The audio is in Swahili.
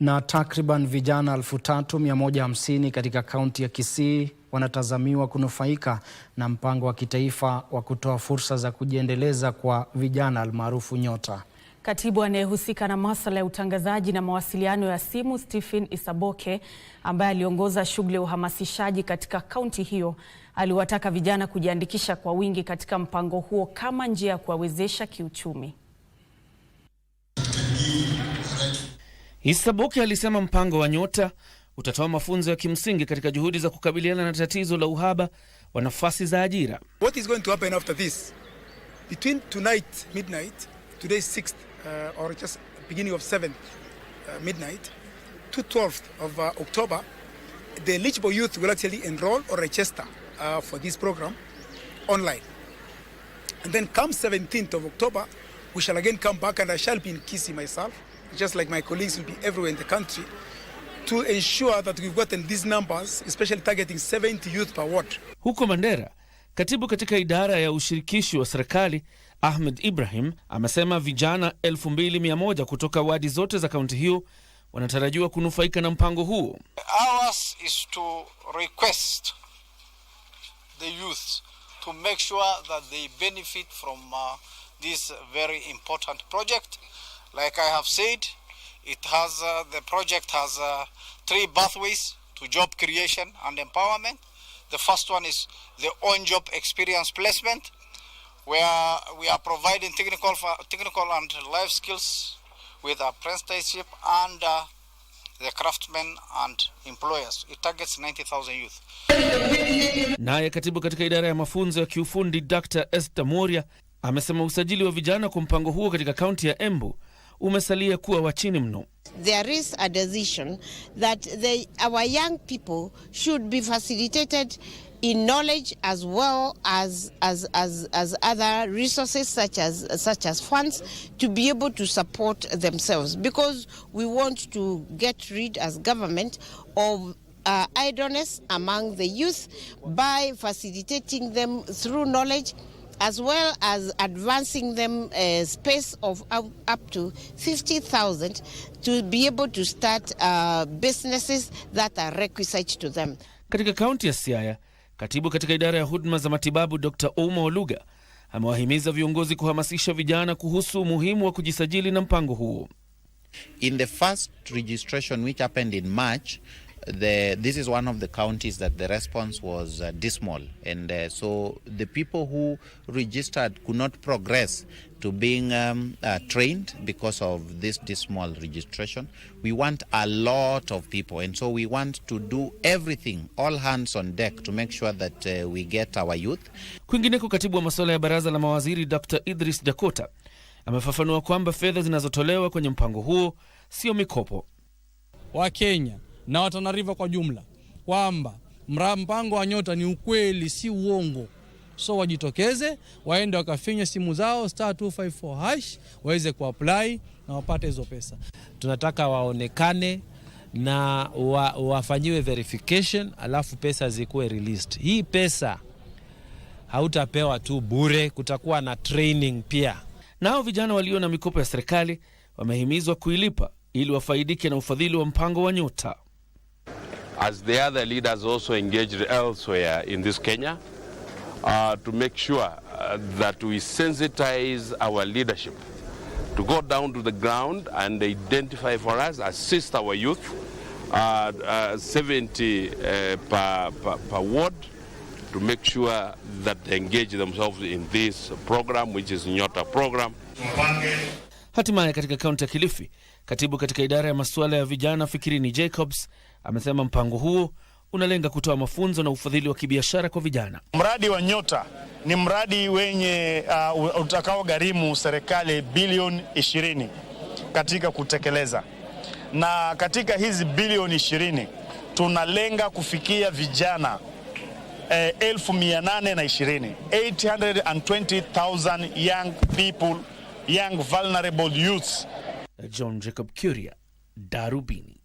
Na takriban vijana 3150 katika kaunti ya Kisii wanatazamiwa kunufaika na mpango wa kitaifa wa kutoa fursa za kujiendeleza kwa vijana almaarufu Nyota. Katibu anayehusika na masuala ya utangazaji na mawasiliano ya simu Stephen Isaboke, ambaye aliongoza shughuli ya uhamasishaji katika kaunti hiyo, aliwataka vijana kujiandikisha kwa wingi katika mpango huo kama njia ya kuwawezesha kiuchumi. Issa Boke alisema mpango wa Nyota utatoa mafunzo ya kimsingi katika juhudi za kukabiliana na tatizo la uhaba wa nafasi za ajira. What is going to happen after this? Between tonight midnight, today 6th uh, or just beginning of 7th uh, midnight to 12th of uh, October, the eligible youth will actually enroll or register uh, for this program online. And then come 17th of October, we shall again come back and I shall be in Kisi myself just like my colleagues will be everywhere in the country, to ensure that we've gotten these numbers, especially targeting 70 youth per ward. Huko Mandera, katibu katika idara ya ushirikishi wa serikali Ahmed Ibrahim amesema vijana 2100 kutoka wadi zote za kaunti hiyo wanatarajiwa kunufaika na mpango huo. Ours is to request the youth to make sure that they benefit from uh, this very important project. Like I have said, it has uh, the project has uh, three pathways to job creation and empowerment. The first one is the on-job experience placement, where we are providing technical, technical and life skills with apprenticeship and uh, the craftsmen and employers. It targets 90,000 youth. Naye katibu katika idara ya mafunzo ya kiufundi Dr. Esther Moria amesema usajili wa vijana kwa mpango huo katika kaunti ya Embu umesalia kuwa wa chini mno. There is a decision that they, our young people should be facilitated in knowledge as well as, as, as, as other resources such as, such as funds to be able to support themselves because we want to get rid as government of uh, idleness among the youth by facilitating them through knowledge as well as advancing them a uh, space of up to 50,000 to be able to start uh, businesses that are requisite to them. Katika kaunti ya Siaya, katibu katika idara ya huduma za matibabu Dr. Ouma Oluga amewahimiza viongozi kuhamasisha vijana kuhusu umuhimu wa kujisajili na mpango huo. In the first registration which happened in March, The, this is one of the counties that the response was uh, dismal and uh, so the people who registered could not progress to being um, uh, trained because of this dismal registration. We want a lot of people and so we want to do everything, all hands on deck to make sure that uh, we get our youth. Kwingineko, katibu wa masuala ya baraza la mawaziri Dr. Idris Dakota amefafanua kwamba fedha zinazotolewa kwenye mpango huo sio mikopo. Wakenya na Watana River kwa jumla kwamba mpango wa nyota ni ukweli, si uongo. So wajitokeze waende wakafinya simu zao star 254 hash waweze kuapply na wapate hizo pesa. Tunataka waonekane na wa, wafanyiwe verification alafu pesa zikuwe released. Hii pesa hautapewa tu bure, kutakuwa na training pia. Nao vijana walio na mikopo ya serikali wamehimizwa kuilipa ili wafaidike na ufadhili wa mpango wa nyota as the other leaders also engaged elsewhere in this Kenya uh, to make sure uh, that we sensitize our leadership to go down to the ground and identify for us, assist our youth, uh, uh, 70 uh, per, per, per ward to make sure that they engage themselves in this program which is Nyota program. Hatimaye katika kaunti ya Kilifi, katibu katika idara ya masuala ya vijana Fikirini Jacobs amesema mpango huo unalenga kutoa mafunzo na ufadhili wa kibiashara kwa vijana. Mradi wa Nyota ni mradi wenye uh, utakao gharimu serikali bilioni 20 katika kutekeleza, na katika hizi bilioni 20 tunalenga kufikia vijana eh, elfu mia nane na ishirini 820,000 young people, young vulnerable youths. John Jacob Kuria, Darubini.